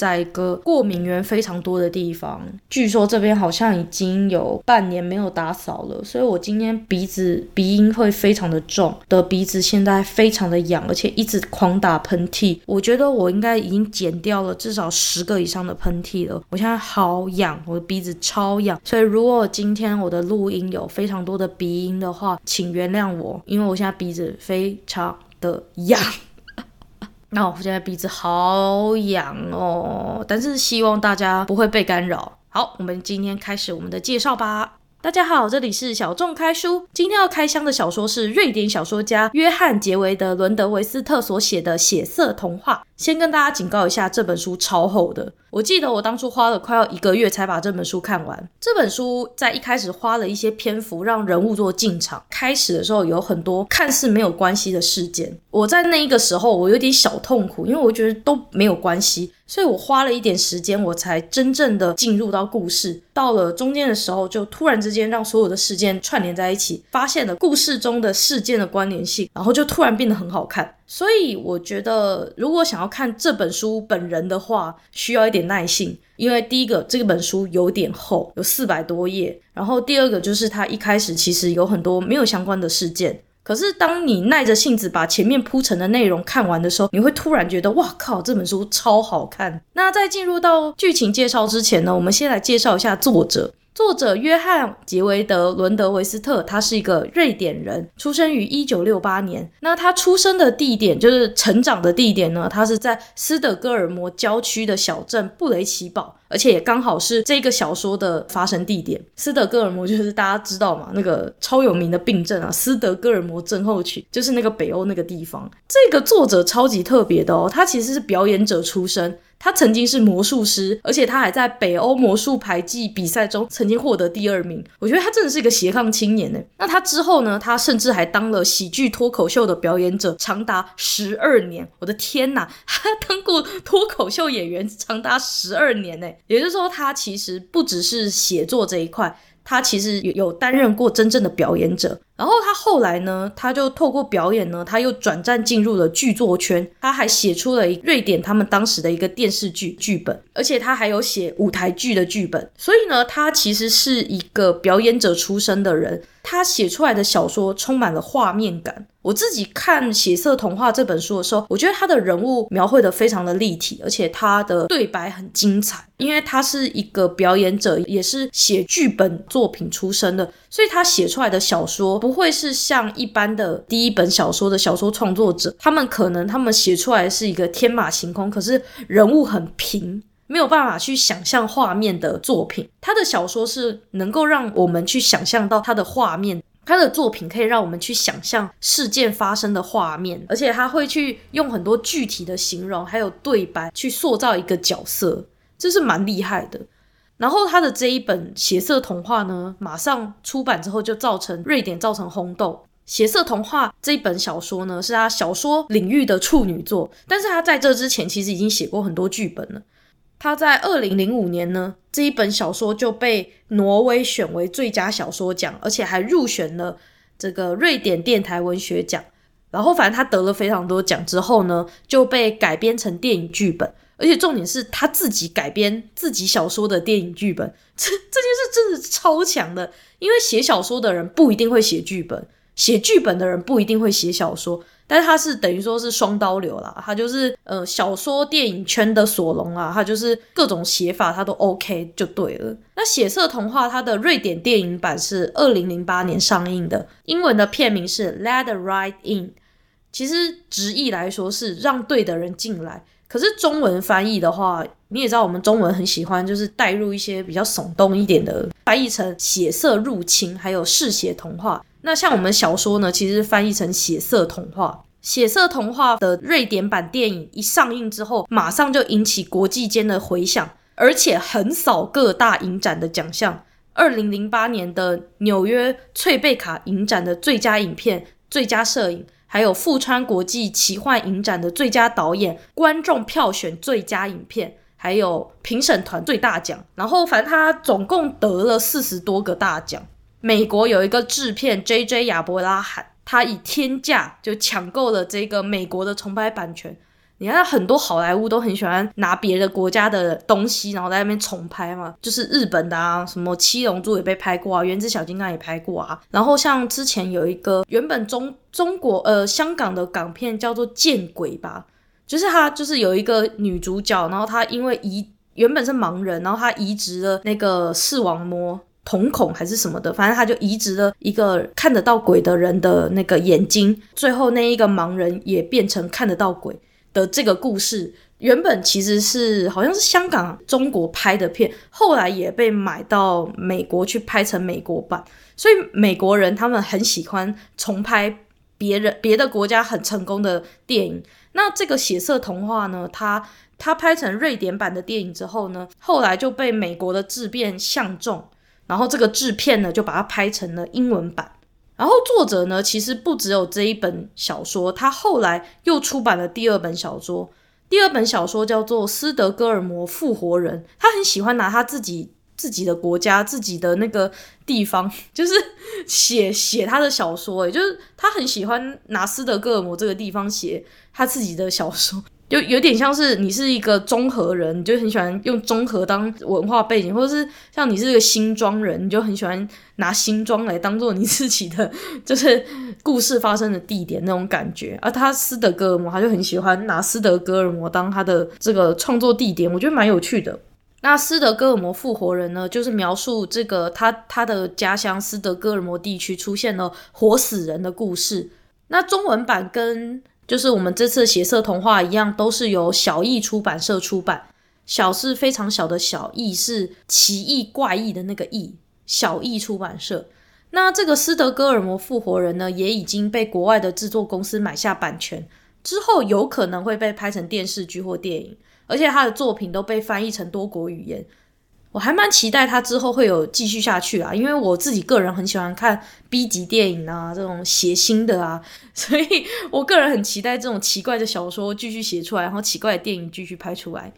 在一個過敏原非常多的地方，據說這邊好像已經有半年沒有打掃了，所以我今天鼻子鼻音會非常的重，的鼻子現在非常的癢，而且一直狂打噴嚏。我覺得我應該已經剪掉了至少十個以上的噴嚏了。我現在好癢，我的鼻子超癢。所以如果今天我的錄音有非常多的鼻音的話，請原諒我，因為我現在鼻子非常的癢。那我、哦、現在鼻子好癢哦，但是希望大家不會被干擾。好，我們今天開始我們的介紹吧。大家好，這裡是小眾開書，今天要開箱的小說是瑞典小說家約翰·傑維德·倫德維斯特所寫的《血色童話》。先跟大家警告一下，這本書超厚的。我記得我當初花了快要一個月才把這本書看完。這本書在一開始花了一些篇幅，讓人物做進場。開始的時候有很多看似沒有關係的事件，我在那一個時候我有點小痛苦，因為我覺得都沒有關係，所以我花了一點時間，我才真正的進入到故事。到了中間的時候，就突然之間讓所有的事件串聯在一起，發現了故事中的事件的關聯性，然後就突然變得很好看。所以我覺得，如果想要看這本書本人的話，需要一點耐性，因為第一個，這本書有點厚，有四百多頁；然後第二個就是，它一開始其實有很多沒有相關的事件。可是當你耐着性子把前面鋪陳的內容看完的時候，你會突然覺得，哇靠，這本書超好看！那在進入到劇情介紹之前呢，我們先來介紹一下作者。作者約翰·杰維德·倫德維斯特，他是一個瑞典人，出生於一九六八年。那他出生的地點，就是成長的地點呢，他是在斯德哥爾摩郊區的小鎮布雷奇堡，而且也剛好是這個小說的發生地點。斯德哥爾摩就是大家知道嘛，那個超有名的病症啊，斯德哥爾摩症候群，就是那個北歐那個地方。這個作者超級特別的哦，他其實是表演者出身。他曾經是魔術師，而且他還在北歐魔術牌技比賽中曾經獲得第二名。我覺得他真的是一個斜槓青年哎。那他之後呢？他甚至還當了喜劇脫口秀的表演者，長達十二年。我的天哪，他當過脫口秀演員長達十二年耶！也就是說，他其實不只是寫作這一塊。他其實有有擔任過真正的表演者，然後他後來呢，他就透過表演呢，他又轉戰進入了劇作圈，他還寫出了瑞典他們當時的一個電視劇劇本，而且他還有寫舞台劇的劇本，所以呢，他其實是一個表演者出身的人，他寫出來的小說充滿了畫面感。我自己看《血色童話》這本書的時候，我覺得他的人物描繪得非常的立體，而且他的對白很精彩。因為他是一個表演者，也是寫劇本作品出身的，所以他寫出來的小說不會是像一般的第一本小說的小說創作者，他們可能他們寫出來是一個天馬行空，可是人物很平，沒有辦法去想象畫面的作品。他的小說是能夠讓我們去想象到他的畫面。他的作品可以讓我們去想象事件發生的畫面，而且他會去用很多具體的形容，還有對白去塑造一個角色，這是蠻厲害的。然後他的這一本《血色童話》呢，馬上出版之後就造成瑞典造成轟動。《血色童話》這一本小說呢，是他小說領域的處女作，但是他在這之前其實已經寫過很多劇本了。他在二零零五年呢，這一本小說就被挪威選為最佳小說獎，而且還入選了這個瑞典電台文學獎。然後，反正他得了非常多獎之後呢，就被改編成電影劇本，而且重點是他自己改編自己小說的電影劇本，這這件事真的超強的，因為寫小說的人不一定會寫劇本。寫劇本的人不一定會寫小說，但是他是等於說是雙刀流啦。他就是呃小說電影圈的索隆啊，他就是各種寫法他都 OK 就對了。那《血色童話》它的瑞典電影版是二零零八年上映的，英文的片名是《Let the Right In》，其實直譯來說是讓對的人進來，可是中文翻譯的話，你也知道我們中文很喜歡就是帶入一些比較聳動一點的，翻譯成“血色入侵”還有“嗜血童話”。那像我們小說呢，其實翻譯成《血色童話》。《血色童話》的瑞典版電影一上映之後，馬上就引起國際間的迴響，而且橫掃各大影展的獎項。二零零八年的紐約翠貝卡影展的最佳影片、最佳攝影，還有富川國際奇幻影展的最佳導演、觀眾票選最佳影片，還有評審團最大獎。然後，反正他總共得了四十多個大獎。美國有一個制片 J.J. 亞伯拉罕，他以天價就搶購了這個美國的重拍版權。你看，很多好萊塢都很喜歡拿別的國家的東西，然後在那邊重拍嘛。就是日本的啊，什麼《七龍珠》也被拍過啊，《原子小金剛》也拍過啊。然後像之前有一個原本中中國呃香港的港片叫做《見鬼》吧，就是他就是有一個女主角，然後她因為移原本是盲人，然後她移植了那個視網膜。瞳孔還是什麼的，反正他就移植了一個看得到鬼的人的那個眼睛，最後那一個盲人也變成看得到鬼的這個故事。原本其實是好像是香港中國拍的片，後來也被買到美國去拍成美國版，所以美國人他們很喜歡重拍別人別的國家很成功的電影。那這個血色童話呢，它它拍成瑞典版的電影之後呢，後來就被美國的制片相中。然後這個制片呢，就把它拍成了英文版。然後作者呢，其實不只有這一本小說，他後來又出版了第二本小說。第二本小說叫做《斯德哥爾摩復活人》。他很喜歡拿他自己自己的國家、自己的那個地方，就是寫寫他的小說。也就是他很喜歡拿斯德哥爾摩這個地方寫他自己的小說。就有點像是你是一個綜合人，你就很喜歡用綜合當文化背景，或者是像你是一個新莊人，你就很喜歡拿新莊來當做你自己的，就是故事發生的地點那種感覺。而、啊、他斯德哥爾摩，他就很喜歡拿斯德哥爾摩當他的這個創作地點，我覺得蠻有趣的。那斯德哥爾摩復活人呢，就是描述這個他他的家鄉斯德哥爾摩地區出現了活死人的故事。那中文版跟。就是我們這次的《血色童話》一樣，都是由小易出版社出版。小是非常小的小「小」，易是奇異怪異的那個「易」。小易出版社，那這個斯德哥爾摩復活人呢，也已經被國外的制作公司買下版權，之後有可能會被拍成電視劇或電影，而且他的作品都被翻譯成多國語言。我還蠻期待他之後會有繼續下去啊，因為我自己個人很喜歡看 B 級電影啊，這種血腥的啊，所以我個人很期待這種奇怪的小說繼續寫出來，然後奇怪的電影繼續拍出來。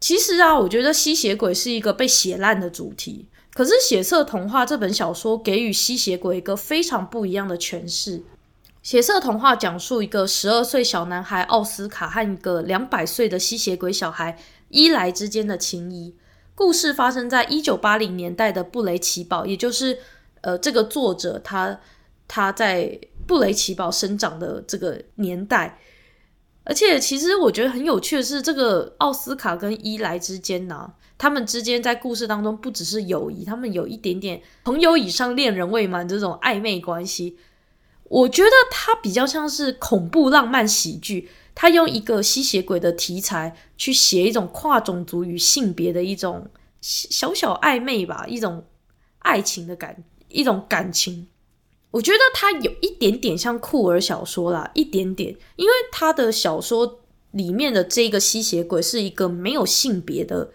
其實啊，我覺得吸血鬼是一個被寫爛的主題，可是《血色童話》這本小說給予吸血鬼一個非常不一樣的詮釋。《血色童話》講述一個十二歲小男孩奧斯卡和一個兩百歲的吸血鬼小孩伊萊之間的情誼。故事發生在一九八零年代的布雷奇堡，也就是呃，這個作者他他在布雷奇堡生長的這個年代。而且，其實我覺得很有趣的是，這個奧斯卡跟伊萊之間呢、啊，他們之間在故事當中不只是友誼，他們有一點點朋友以上戀人未滿這種曖昧關係。我覺得它比較像是恐怖浪漫喜劇。他用一個吸血鬼的題材去寫一種跨種族與性別的一種小小曖昧吧，一種愛情的感，一種感情。我覺得他有一點點像酷兒小說啦，一點點，因為他的小說裡面的這個吸血鬼是一個沒有性別的，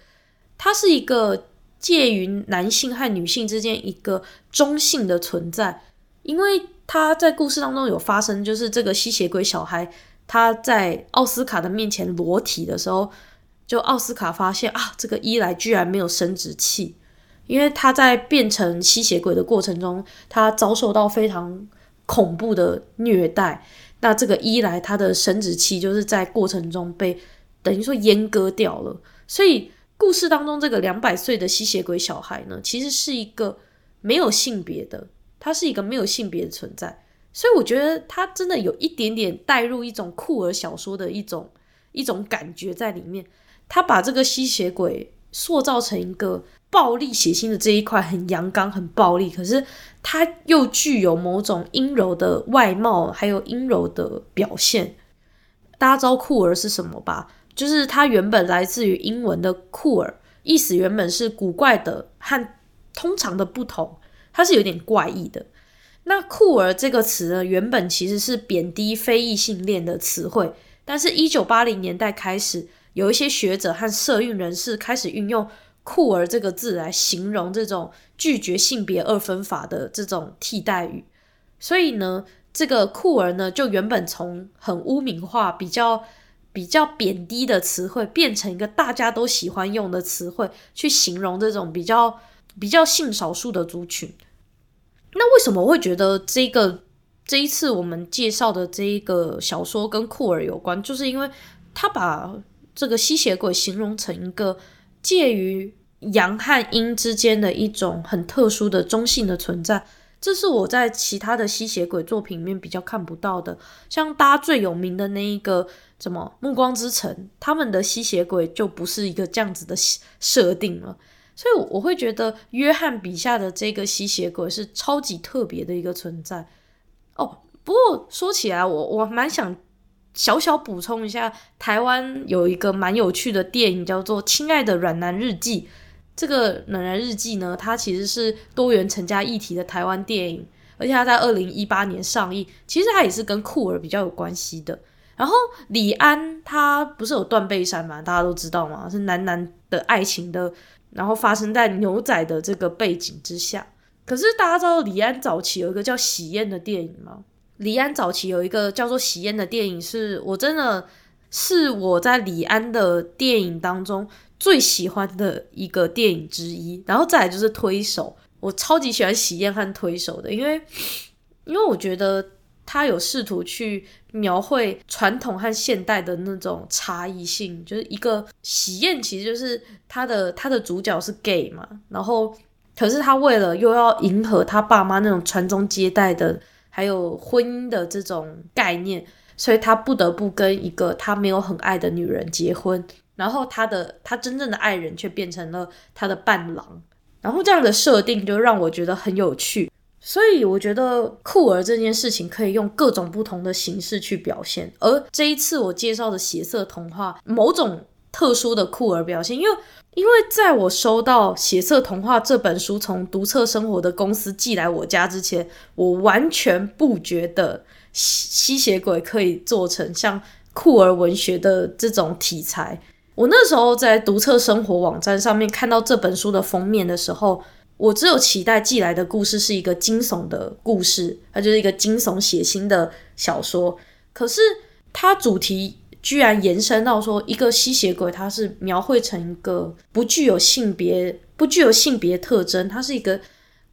他是一個介於男性和女性之間一個中性的存在，因為他在故事當中有發生，就是這個吸血鬼小孩。他在奧斯卡的面前裸體的時候，就奧斯卡發現啊，這個伊萊居然沒有生殖器，因為他在變成吸血鬼的過程中，他遭受到非常恐怖的虐待。那這個伊萊他的生殖器就是在過程中被等於說閹割掉了。所以故事當中這個兩百歲的吸血鬼小孩呢，其實是一個沒有性別的，他是一個沒有性別的存在。所以我覺得他真的有一點點帶入一種酷兒小說的一種一種感覺在裡面。他把這個吸血鬼塑造成一個暴力血腥的這一塊很陽剛很暴力，可是他又具有某種陰柔的外貌，還有陰柔的表現。大家知道酷兒是什麼吧？就是他原本來自於英文的酷兒，意思原本是古怪的和通常的不同，它是有點怪異的。那酷兒這個詞呢，原本其實是貶低非異性戀的詞彙，但是，一九八零年代開始，有一些學者和社運人士開始運用酷兒這個字來形容這種拒絕性別二分法的這種替代語，所以呢，這個酷兒呢，就原本從很污名化、比較比較貶低的詞彙，變成一個大家都喜歡用的詞彙，去形容這種比較比較性少數的族群。那為什麼會覺得這個這一次我們介紹的這一個小說跟酷兒有關？就是因為他把這個吸血鬼形容成一個介於陽和陰之間的一種很特殊的中性的存在，這是我在其他的吸血鬼作品裡面比較看不到的。像大家最有名的那一個，什麼《暮光之城》，他們的吸血鬼就不是一個這樣子的設定了。所以我會覺得，約翰筆下的這個吸血鬼是超級特別的一個存在哦。不過說起來我，我我蠻想小小補充一下，台灣有一個蠻有趣的電影，叫做《親愛的卵男日記》。這個卵男日記呢，它其實是多元成家議題的台灣電影，而且它在二零一八年上映，其實它也是跟酷兒比較有關係的。然後李安他不是有《斷背山》嗎？大家都知道嗎？是男男的愛情的，然後發生在牛仔的這個背景之下。可是大家知道李安早期有一個叫《喜宴》的電影嗎？李安早期有一個叫做《喜宴》的電影，是我真的是我在李安的電影當中最喜歡的一個電影之一。然後再來就是《推手》，我超級喜歡《喜宴》和《推手》的，因為因為我覺得。他有試圖去描繪傳統和現代的那種差異性，就是一個喜宴，其實就是他的他的主角是 gay 嘛，然後可是他為了又要迎合他爸媽那種傳宗接代的，還有婚姻的這種概念，所以他不得不跟一個他沒有很愛的女人結婚，然後他的他真正的愛人卻變成了他的伴郎，然後這樣的設定就讓我覺得很有趣。所以我覺得酷兒這件事情可以用各種不同的形式去表現，而這一次我介紹的《血色童話》某種特殊的酷兒表現，因為因為在我收到《血色童話》這本書從讀冊生活的公司寄來我家之前，我完全不覺得吸吸血鬼可以做成像酷兒文學的這種題材。我那時候在讀冊生活網站上面看到這本書的封面的時候，我只有期待寄來的故事是一個驚悚的故事，它就是一個驚悚血腥的小說。可是它主題居然延伸到說，一個吸血鬼它是描繪成一個不具有性別、不具有性別特徵，它是一個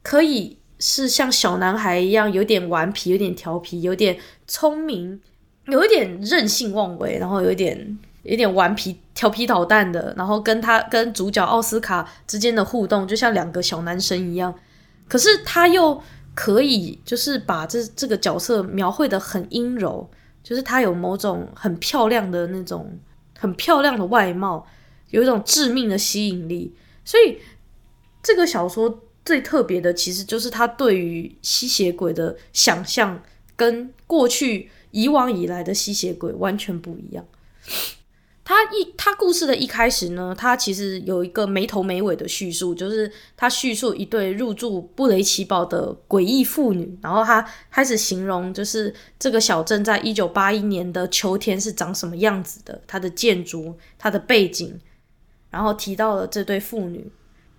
可以是像小男孩一樣，有點頑皮、有點調皮、有點聰明、有一點任性妄為，然後有一點。有點頑皮、調皮、搗蛋的，然後跟他跟主角奧斯卡之間的互動，就像兩個小男生一樣。可是他又可以，就是把這這個角色描繪得很陰柔，就是他有某種很漂亮的那種很漂亮的外貌，有一種致命的吸引力。所以這個小說最特別的，其實就是他對於吸血鬼的想象，跟過去以往以來的吸血鬼完全不一樣。他一，他故事的一開始呢，他其實有一個沒頭沒尾的敘述，就是他敘述一對入住布雷奇堡的詭異婦女，然後他開始形容就是這個小鎮在一九八一年的秋天是長什麼樣子的，它的建築、它的背景，然後提到了這對婦女，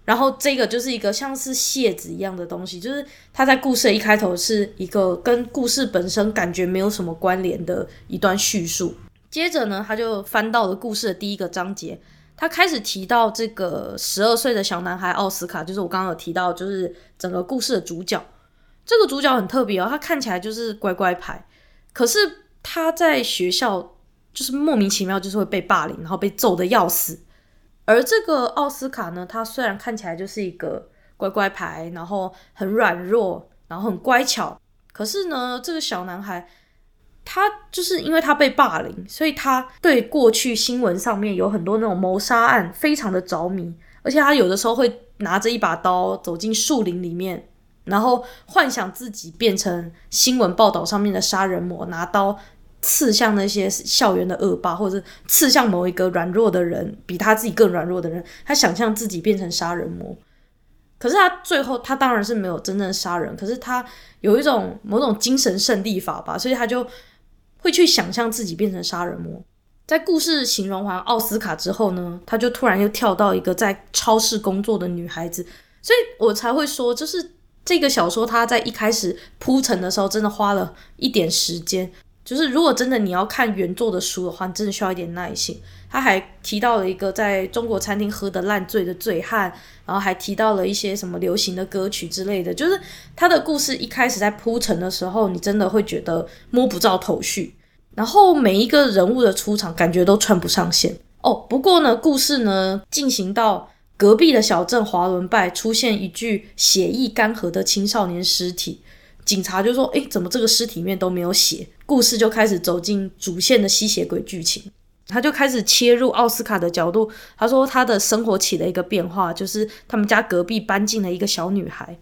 然後這個就是一個像是楔子一樣的東西，就是他在故事的一開頭是一個跟故事本身感覺沒有什麼關聯的一段敘述。接着呢，他就翻到了故事的第一個章節，他開始提到這個十二歲的小男孩奧斯卡，就是我剛剛有提到，就是整個故事的主角。這個主角很特別哦，他看起來就是乖乖牌，可是他在學校就是莫名其妙就是會被霸凌，然後被揍得要死。而這個奧斯卡呢，他雖然看起來就是一個乖乖牌，然後很軟弱，然後很乖巧，可是呢，這個小男孩。他就是因為他被霸凌，所以他對過去新聞上面有很多那種謀殺案非常的着迷，而且他有的時候會拿着一把刀走進樹林裡面，然後幻想自己變成新聞報道上面的殺人魔，拿刀刺向那些校園的惡霸，或者是刺向某一個軟弱的人，比他自己更軟弱的人，他想象自己變成殺人魔。可是他最後他當然是沒有真正殺人，可是他有一種某種精神勝利法吧，所以他就。會去想象自己變成殺人魔，在故事形容完奧斯卡之後呢，他就突然又跳到一個在超市工作的女孩子，所以我才會說，就是這個小說他在一開始鋪陳的時候，真的花了一點時間。就是如果真的你要看原作的書的話，你真的需要一點耐心。他還提到了一個在中國餐廳喝得爛醉的醉漢，然後還提到了一些什麼流行的歌曲之類的。就是他的故事一開始在鋪陳的時候，你真的會覺得摸不着頭緒。然後每一個人物的出場感覺都串不上線。哦，不過呢，故事呢進行到隔壁的小鎮華倫拜，出現一具血液乾涸的青少年屍體。警察就說：“哎，怎麼這個屍體裡面都沒有血？”故事就開始走進主線的吸血鬼劇情。他就開始切入奧斯卡的角度。他說他的生活起了一個變化，就是他們家隔壁搬進了一個小女孩。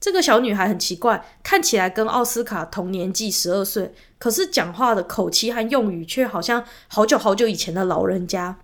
這個小女孩很奇怪，看起來跟奧斯卡同年紀，十二歲，可是講話的口氣和用語卻好像好久好久以前的老人家。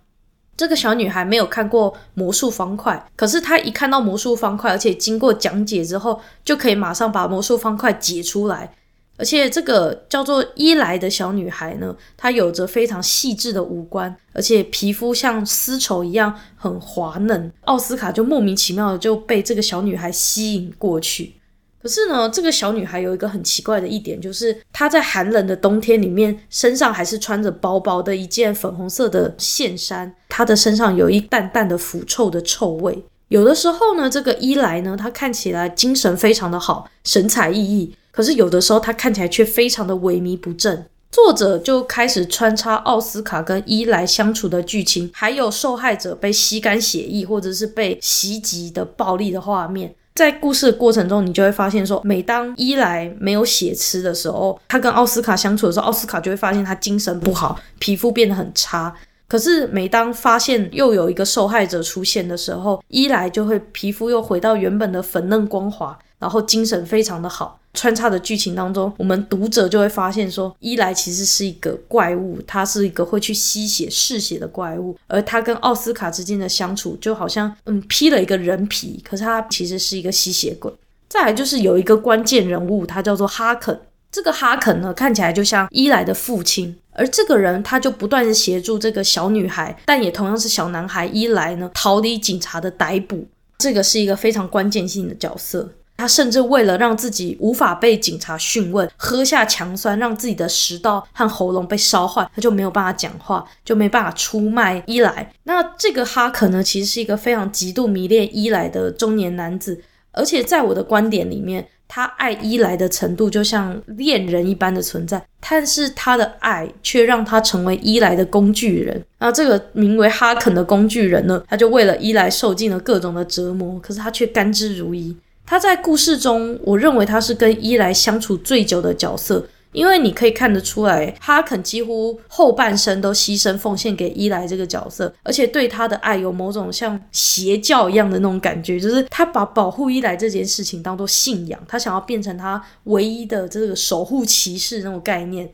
這個小女孩沒有看過魔術方塊，可是她一看到魔術方塊，而且經過講解之後，就可以馬上把魔術方塊解出來。而且這個叫做伊萊的小女孩呢，她有着非常細緻的五官，而且皮膚像絲綢一樣很滑嫩。奧斯卡就莫名其妙的就被這個小女孩吸引過去。可是呢，這個小女孩有一個很奇怪的一點，就是她在寒冷的冬天裡面，身上還是穿着薄薄的一件粉紅色的線衫。她的身上有一淡淡的腐臭的臭味。有的時候呢，這個伊萊呢，她看起來精神非常的好，神采奕奕；可是有的時候，她看起來卻非常的萎靡不振。作者就開始穿插奧斯卡跟伊萊相處的劇情，還有受害者被吸乾血液或者是被襲擊的暴力的畫面。在故事的過程中，你就會發現說，說每當伊萊沒有血吃的時候，他跟奧斯卡相處的時候，奧斯卡就會發現他精神不好，皮膚變得很差。可是每當發現又有一個受害者出現的時候，伊萊就會皮膚又回到原本的粉嫩光滑，然後精神非常的好。穿插的劇情當中，我們讀者就會發現說，說伊萊其實是一個怪物，他是一個會去吸血嗜血的怪物，而他跟奧斯卡之間的相處就好像嗯披了一個人皮，可是他其實是一個吸血鬼。再來就是有一個關鍵人物，他叫做哈肯。這個哈肯呢，看起來就像伊萊的父親，而這個人他就不斷地協助這個小女孩，但也同樣是小男孩伊萊呢逃離警察的逮捕。這個是一個非常關鍵性的角色。他甚至為了讓自己無法被警察訊問，喝下強酸，讓自己的食道和喉嚨被燒壞，他就沒有辦法講話，就沒辦法出賣伊萊。那這個哈肯呢，其實是一個非常極度迷戀伊萊的中年男子，而且在我的觀點裡面，他愛伊萊的程度就像戀人一般的存在，但是他的愛卻讓他成為伊萊的工具人。那這個名為哈肯的工具人呢，他就為了伊萊受盡了各種的折磨，可是他卻甘之如飴。他在故事中，我認為他是跟伊萊相處最久的角色，因為你可以看得出來，哈肯幾乎後半生都犧牲奉獻給伊萊這個角色，而且對他的愛有某種像邪教一樣的那種感覺，就是他把保護伊萊這件事情當作信仰，他想要變成他唯一的這個守護騎士那種概念。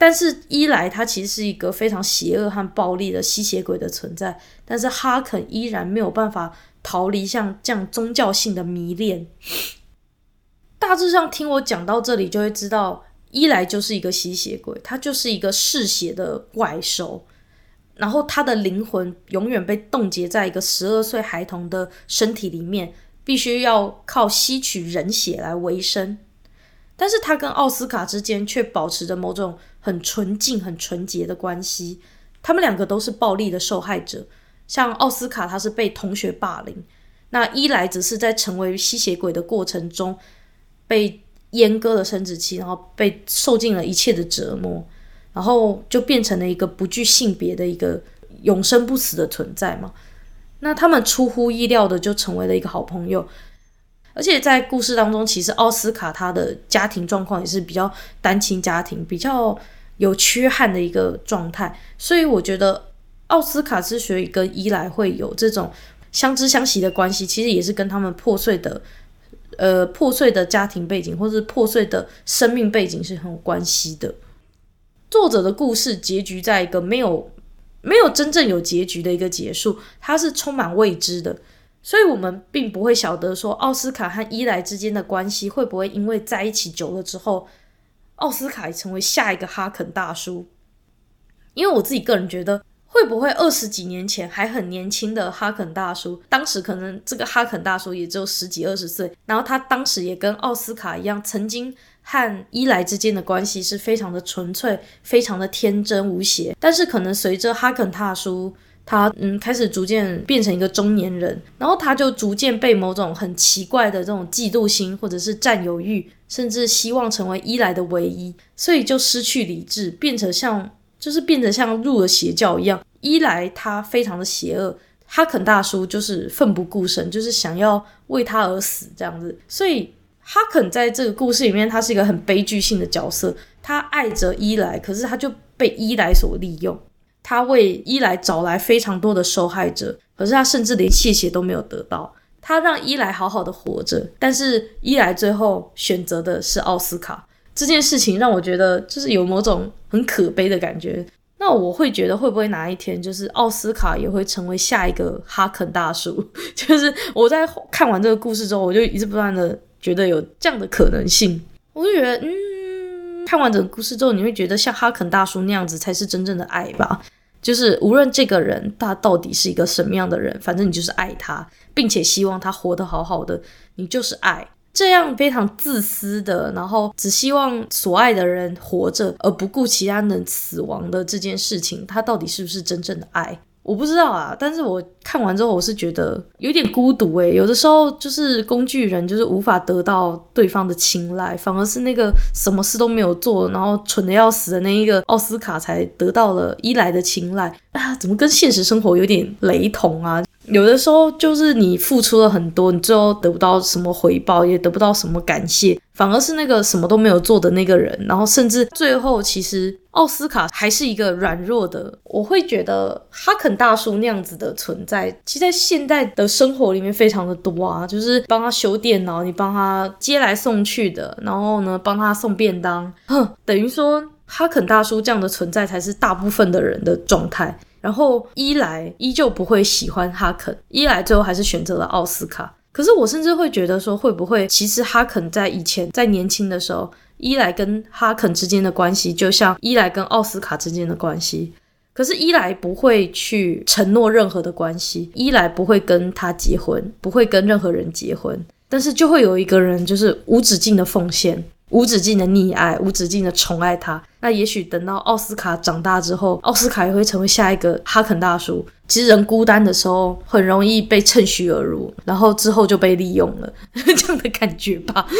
但是伊萊他其實是一個非常邪惡和暴力的吸血鬼的存在，但是哈肯依然沒有辦法逃離像這樣宗教性的迷戀。大致上聽我講到這裡，就會知道，伊萊就是一個吸血鬼，他就是一個嗜血的怪獸，然後他的靈魂永遠被凍結在一個十二歲孩童的身體裡面，必須要靠吸取人血來維生。但是，他跟奧斯卡之間卻保持着某種很純淨、很純潔的關係。他們兩個都是暴力的受害者。像奧斯卡，他是被同學霸凌，那伊萊則是在成為吸血鬼的過程中被閹割了生殖器，然後被受盡了一切的折磨，然後就變成了一個不具性別的一個永生不死的存在嘛。那他們出乎意料的就成為了一個好朋友，而且在故事當中，其實奧斯卡他的家庭狀況也是比較單親家庭，比較有缺憾的一個狀態，所以我覺得。奧斯卡之所以跟伊萊會有這種相知相惜的關係，其實也是跟他們破碎的呃破碎的家庭背景，或是破碎的生命背景是很有關係的。作者的故事結局在一個沒有沒有真正有結局的一個結束，它是充滿未知的，所以我們並不會曉得說奧斯卡和伊萊之間的關係會不會因為在一起久了之後，奧斯卡成為下一個哈肯大叔。因為我自己個人覺得。會不會二十幾年前還很年輕的哈肯大叔，當時可能這個哈肯大叔也只有十幾二十歲，然後他當時也跟奧斯卡一樣，曾經和伊萊之間的關係是非常的純粹，非常的天真無邪。但是可能隨着哈肯大叔他嗯開始逐漸變成一個中年人，然後他就逐漸被某種很奇怪的這種嫉妒心或者是占有欲，甚至希望成為伊萊的唯一，所以就失去理智，變成像。就是變得像入了邪教一樣，伊萊他非常的邪惡，哈肯大叔就是奮不顧身，就是想要為他而死這樣子，所以哈肯在這個故事裡面，他是一個很悲劇性的角色，他愛着伊萊，可是他就被伊萊所利用，他為伊萊找來非常多的受害者，可是他甚至連謝謝都沒有得到，他讓伊萊好好的活着，但是伊萊最後選擇的是奧斯卡。這件事情讓我覺得就是有某種很可悲的感覺。那我會覺得會不會哪一天就是奧斯卡也會成為下一個哈肯大叔？就是我在看完這個故事之後，我就一直不斷的覺得有這樣的可能性。我就覺得，嗯，看完整個故事之後，你會覺得像哈肯大叔那樣子才是真正的愛吧？就是無論這個人他到底是一個什麼樣的人，反正你就是愛他，並且希望他活得好好的，你就是愛。這樣非常自私的，然後只希望所愛的人活着，而不顧其他人死亡的這件事情，他到底是不是真正的愛？我不知道啊。但是我看完之後，我是覺得有點孤獨哎、欸。有的時候就是工具人，就是無法得到對方的青睞，反而是那個什麼事都沒有做，然後蠢得要死的那一個奧斯卡才得到了伊萊的青睞啊！怎麼跟現實生活有點雷同啊？有的時候就是你付出了很多，你最後得不到什麼回報，也得不到什麼感謝，反而是那個什麼都沒有做的那個人。然後甚至最後，其實奧斯卡還是一個軟弱的。我會覺得哈肯大叔那樣子的存在，其實在現代的生活裡面非常的多啊，就是幫他修電腦，你幫他接來送去的，然後呢，幫他送便當，哼，等於說哈肯大叔這樣的存在才是大部分的人的狀態。然後伊萊依舊不會喜歡哈肯，伊萊最後還是選擇了奧斯卡。可是我甚至會覺得說，會不會其實哈肯在以前在年輕的時候，伊萊跟哈肯之間的關係就像伊萊跟奧斯卡之間的關係。可是伊萊不會去承諾任何的關係，伊萊不會跟他結婚，不會跟任何人結婚，但是就會有一個人就是無止境的奉獻。無止境的溺愛，無止境的寵愛他。那也許等到奧斯卡長大之後，奧斯卡也會成為下一個哈肯大叔。其實人孤單的時候，很容易被趁虛而入，然後之後就被利用了， 這樣的感覺吧。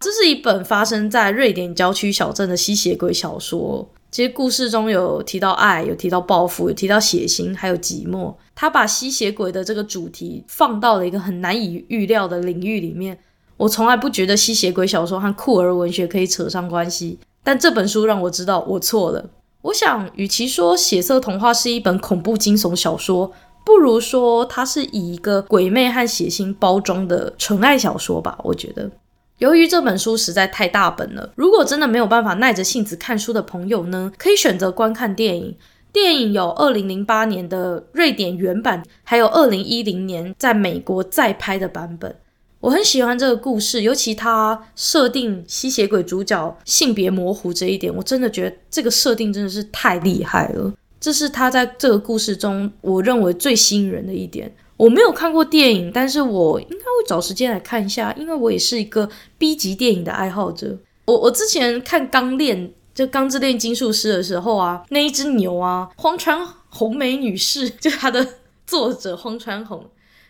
這是一本發生在瑞典郊區小鎮的吸血鬼小說。其實故事中有提到愛，有提到報復，有提到血腥，還有寂寞。他把吸血鬼的這個主題放到了一個很難以預料的領域裡面。我從來不覺得吸血鬼小說和酷兒文學可以扯上關係，但這本書讓我知道我錯了。我想，與其說《血色童話》是一本恐怖驚悚小說，不如說它是以一個鬼魅和血腥包裝的純愛小說吧。我覺得，由於這本書實在太大本了，如果真的沒有辦法耐着性子看書的朋友呢，可以選擇觀看電影。電影有二零零八年的瑞典原版，還有二零一零年在美國再拍的版本。我很喜歡這個故事，尤其他設定吸血鬼主角性別模糊這一點，我真的覺得這個設定真的是太厲害了。這是他在這個故事中我認為最吸引人的一點。我沒有看過電影，但是我應該會找時間來看一下，因為我也是一個 B 級電影的愛好者。我我之前看《鋼煉》就《鋼之煉金術師》的時候啊，那一只牛啊，荒川紅梅女士就是他的作者荒川弘。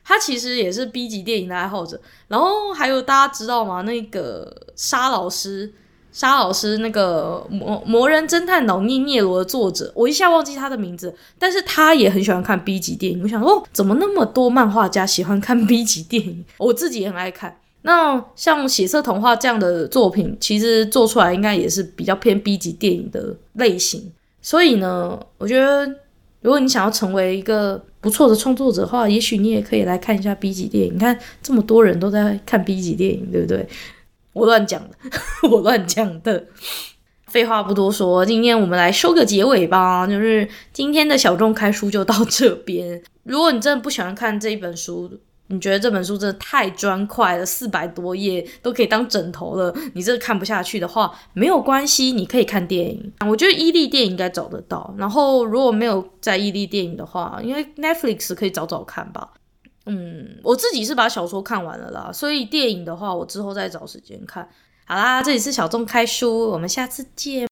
他其實也是 B 級電影的愛好者，然後還有大家知道嗎？那個沙老師，沙老師那個魔魔人偵探腦嚙涅羅的作者，我一下忘記他的名字，但是他也很喜歡看 B 級電影。我想說，哦，怎麼那麼多漫畫家喜歡看 B 級電影？我自己也很愛看。那像《血色童話》這樣的作品，其實做出來應該也是比較偏 B 級電影的類型。所以呢，我覺得如果你想要成為一個，不錯的創作者的話，也許你也可以來看一下 B 級電影。你看這麼多人都在看 B 級電影，對不對？我亂講的，我亂講的。 廢話不多說，今天我們來收個結尾吧。就是今天的小眾開書就到這邊。如果你真的不喜歡看這一本書。你覺得這本書真的太磚塊了，四百多頁都可以當枕頭了。你這看不下去的話，沒有關係，你可以看電影。啊，我覺得伊利電影應該找得到。然後如果沒有在伊利電影的話，因為 Netflix 可以找找看吧。嗯，我自己是把小說看完了啦，所以電影的話，我之後再找時間看。好啦，這裡是小眾開書，我們下次見。